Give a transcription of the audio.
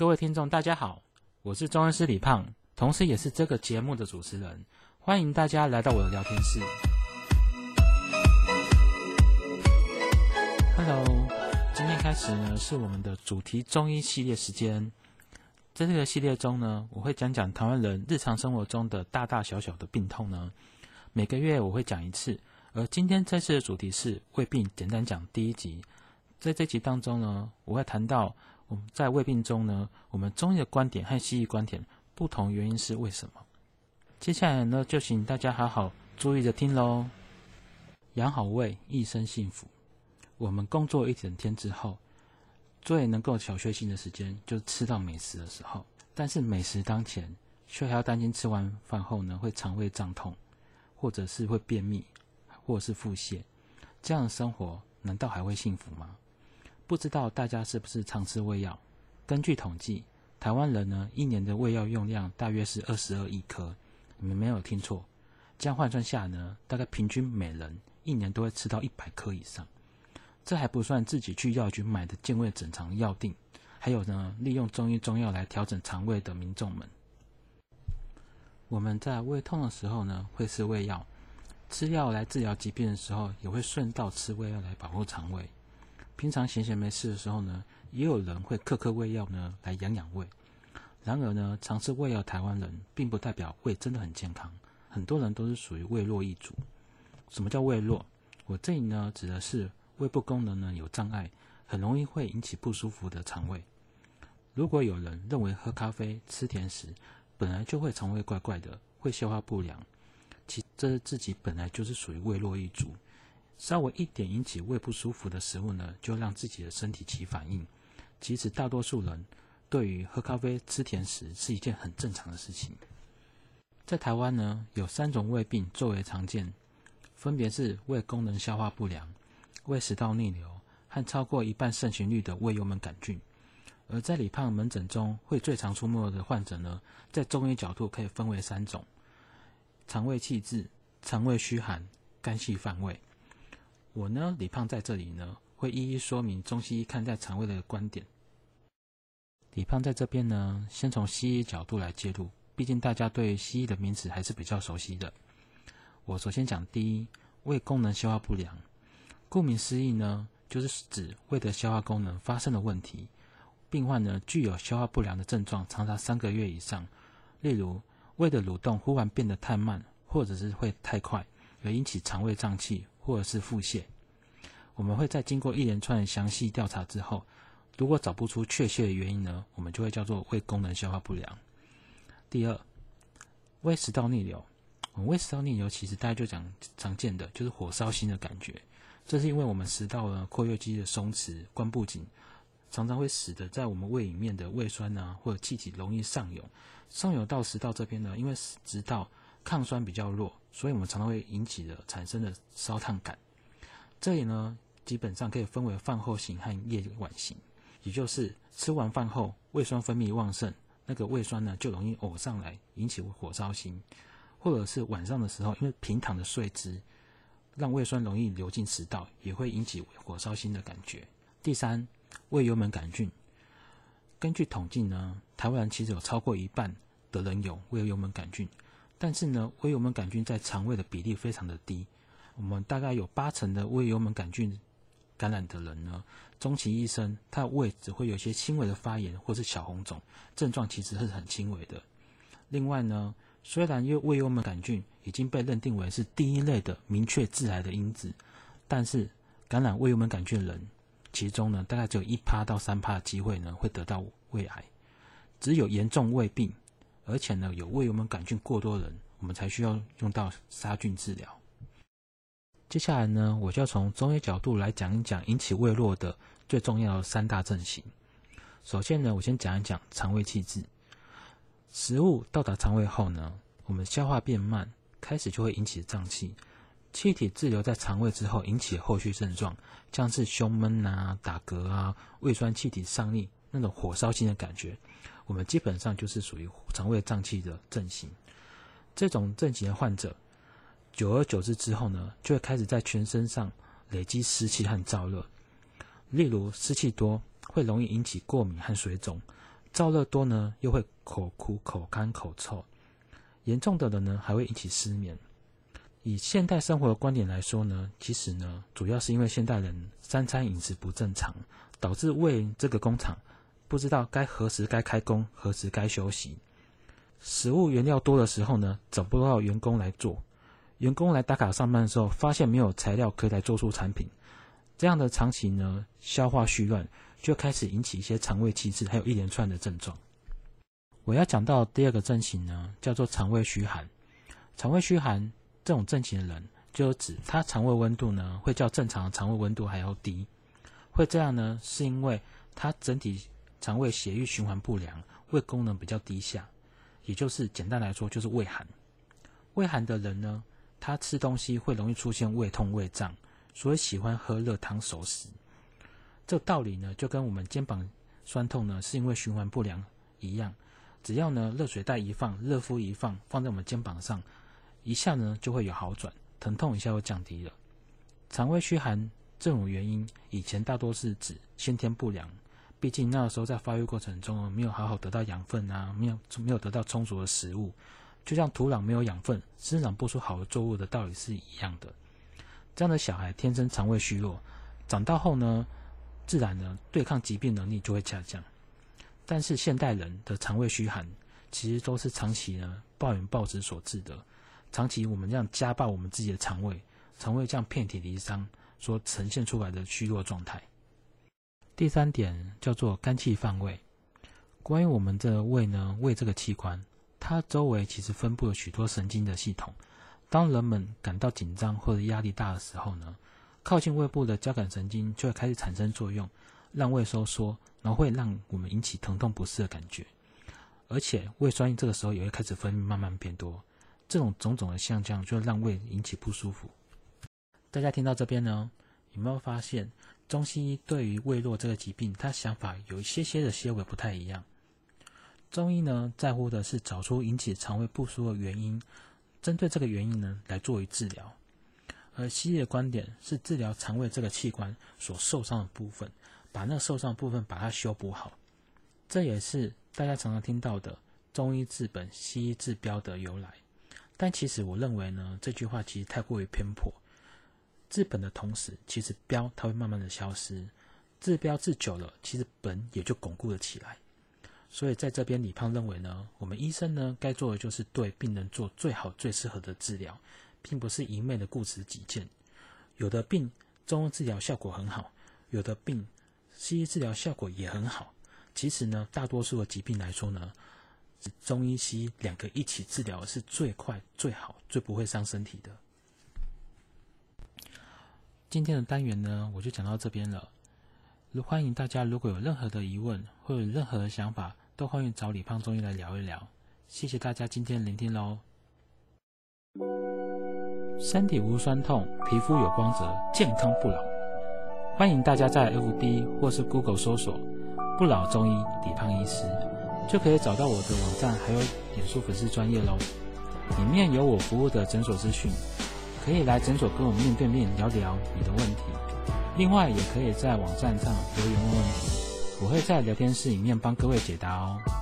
各位聽眾，大家好，我是中醫師李胖，同時也是這個節目的主持人。歡迎大家來到我的聊天室。Hello，今天開始呢是我們的主題中醫系列時間。在這個系列中呢，我會講講台灣人日常生活中的大大小小的病痛呢。每個月我會講一次，而今天這次的主題是胃病簡單講第一集。在這集當中呢，我會談到。我們在胃病中呢，我們中醫的觀點和西醫觀點不同，原因是為什麼？接下來呢，就請大家好好注意着聽嘍。養好胃，一生幸福。我們工作一整天之後，最能夠小確幸的時間，就是吃到美食的時候。但是美食當前，卻還要擔心吃完飯後呢，會腸胃脹痛，或者是會便秘，或者是腹瀉，這樣的生活，難道還會幸福嗎？不知道大家是不是常吃胃藥？根據統計，台灣人呢一年的胃藥用量大約是二十二億顆。你們沒有聽錯，這樣換算下呢，大概平均每人一年都會吃到一百顆以上。這還不算自己去藥局買的健胃整腸藥錠，還有呢利用中醫中藥來調整腸胃的民眾們。我們在胃痛的時候呢，會吃胃藥；吃藥來治療疾病的時候，也會順道吃胃藥來保護腸胃。平常閒閒沒事的時候呢，也有人會嗑嗑胃藥呢，來養養胃。然而呢，常吃胃藥，台灣人並不代表胃真的很健康。很多人都是屬於胃弱一族。什麼叫胃弱？我這裡呢，指的是胃部功能呢有障礙，很容易會引起不舒服的腸胃。如果有人認為喝咖啡、吃甜食本來就會腸胃怪怪的，會消化不良，其實這是自己本來就是屬於胃弱一族。稍微一點引起胃不舒服的食物呢，就讓自己的身體起反應。其實大多數人對於喝咖啡、吃甜食是一件很正常的事情。在台灣呢，有三種胃病作為常見，分別是胃功能消化不良、胃食道逆流和超過一半盛行率的胃幽門桿菌。而在李胖門診中會最常出沒的患者呢，在中醫角度可以分為三種：腸胃氣滯、腸胃虛寒、肝氣犯胃。我呢，李胖在這裡呢，會一一說明中西醫看待腸胃的觀點。李胖在這邊呢，先從西醫角度來介入，畢竟大家對西醫的名詞還是比較熟悉的。我首先講第一，胃功能消化不良，顧名思義呢，就是指胃的消化功能發生了問題。病患呢，具有消化不良的症狀，長達三個月以上，例如胃的蠕動忽然變得太慢，或者是會太快。會引起腸胃脹氣或者是腹瀉，我們會在經過一連串的詳細調查之後，如果找不出確切的原因呢，我們就會叫做胃功能消化不良。第二，胃食道逆流，我們胃食道逆流其實大家就講常見的就是火燒心的感覺，這是因為我們食道的括約肌的鬆弛、關不緊，常常會使得在我們胃裡面的胃酸啊或者氣體容易上湧，上湧到食道這邊呢，因為食道抗酸比較弱，所以我們常常會引起的產生的燒燙感。這裡呢，基本上可以分為飯後型和夜晚型，也就是吃完飯後胃酸分泌旺盛，那個胃酸呢就容易嘔上來，引起火燒心；或者是晚上的時候，因為平躺的睡姿，讓胃酸容易流進食道，也會引起火燒心的感覺。第三，胃幽門桿菌，根據統計呢，台灣人其實有超過一半的人有胃幽門桿菌。但是呢，胃幽門桿菌在腸胃的比例非常的低，我們大概有八成的胃幽門桿菌感染的人呢，終其一生，他的胃只會有一些輕微的發炎或是小紅腫，症狀其實是很輕微的。另外呢，雖然因為胃幽門桿菌已經被認定為是第一類的明確致癌的因子，但是感染胃幽門桿菌的人，其中呢，大概只有一趴到三趴的機會呢，會得到胃癌，只有嚴重胃病。而且呢，有胃幽門桿菌過多人，我們才需要用到殺菌治療。接下來呢，我就要從中醫角度來講一講引起胃弱的最重要的三大症型。首先呢，我先講一講腸胃氣滯。食物到達腸胃後呢，我們消化變慢，開始就會引起脹氣，氣體滯留在腸胃之後，引起後續症狀，像是胸悶啊、打嗝啊、胃酸氣體上逆，那種火燒心的感覺。我們基本上就是屬於腸胃脹氣的症型，這種症型的患者，久而久之之後呢，就會開始在全身上累積濕氣和燥熱。例如濕氣多會容易引起過敏和水腫，燥熱多呢又會口苦、口乾、口臭，嚴重的人呢還會引起失眠。以現代生活的觀點來說呢，其實呢主要是因為現代人三餐飲食不正常，導致胃這個工廠，不知道該何時該開工，何時該休息。食物原料多的時候呢，找不到員工來做。員工來打卡上班的時候，發現沒有材料可以來做出產品，這樣的長期呢，消化紊亂，就開始引起一些腸胃氣滯，還有一連串的症狀。我要講到第二個症型呢，叫做腸胃虛寒。腸胃虛寒這種症型的人，就是指他腸胃溫度呢會較正常腸胃溫度還要低。會這樣呢，是因為他整體。腸胃血液循環不良，胃功能比較低下，也就是簡單來說就是胃寒。胃寒的人呢，他吃東西會容易出現胃痛、胃脹，所以喜歡喝熱湯、熟食。這個道理呢，就跟我們肩膀痠痛呢是因為循環不良一樣，只要呢熱水袋一放、熱敷一放，放在我們肩膀上，一下呢就會有好轉，疼痛一下又降低了。腸胃虛寒這種原因，以前大多是指先天不良，畢竟那個時候在發育過程中沒有好好得到養分啊，沒有沒有得到充足的食物，就像土壤沒有養分，生長不出好的作物的道理是一樣的。這樣的小孩天生腸胃虛弱，長大後呢，自然呢對抗疾病能力就會下降。但是現代人的腸胃虛寒，其實都是長期呢暴飲暴食所致的，長期我們這樣家暴我們自己的腸胃，腸胃這樣遍體鱗傷，所呈現出來的虛弱狀態。第三點叫做肝氣犯胃。關於我們這胃呢，胃這個器官，它周圍其實分布了許多神經的系統。當人們感到緊張或者壓力大的時候呢，靠近胃部的交感神經就會開始產生作用，讓胃收縮，然後會讓我們引起疼痛不適的感覺。而且胃酸這個時候也會開始分泌，慢慢變多。這種種種的下降就會讓胃引起不舒服。大家聽到這邊呢，有沒有發現？中西醫對於胃弱這個疾病，他想法有一些些的些微不太一樣。中醫呢在乎的是找出引起腸胃不舒的原因，針對這個原因呢來作為治療；而西醫的觀點是治療腸胃這個器官所受傷的部分，把那受傷的部分把它修補好。這也是大家常常聽到的“中醫治本，西醫治標”的由來。但其實我認為呢，這句話其實太過於偏頗。治本的同時，其實，標它會慢慢的消失。治標治久了，其實本也就鞏固了起來。所以在這邊，李胖認為呢，我們醫生呢，該做的就是對病人做最好、最適合的治療，並不是一昧的固執己見。有的病中醫治療效果很好，有的病西醫治療效果也很好。其實呢，大多數的疾病來說呢，中醫西醫兩個一起治療的是最快、最好、最不會傷身體的。今天的單元呢，我就講到這邊了。如歡迎大家，如果有任何的疑問，或有任何的想法，都歡迎找李胖中醫來聊一聊。謝謝大家今天的聆聽嘍。身體無痠痛，皮膚有光澤，健康不老。歡迎大家在 FB 或是 Google 搜索“不老中醫李胖醫師”，就可以找到我的網站，還有臉書粉絲專頁嘍。裡面有我服務的診所資訊。可以來診所跟我面對面聊聊你的問題，另外也可以在網站上留言問問題，我會在聊天室裡面幫各位解答哦。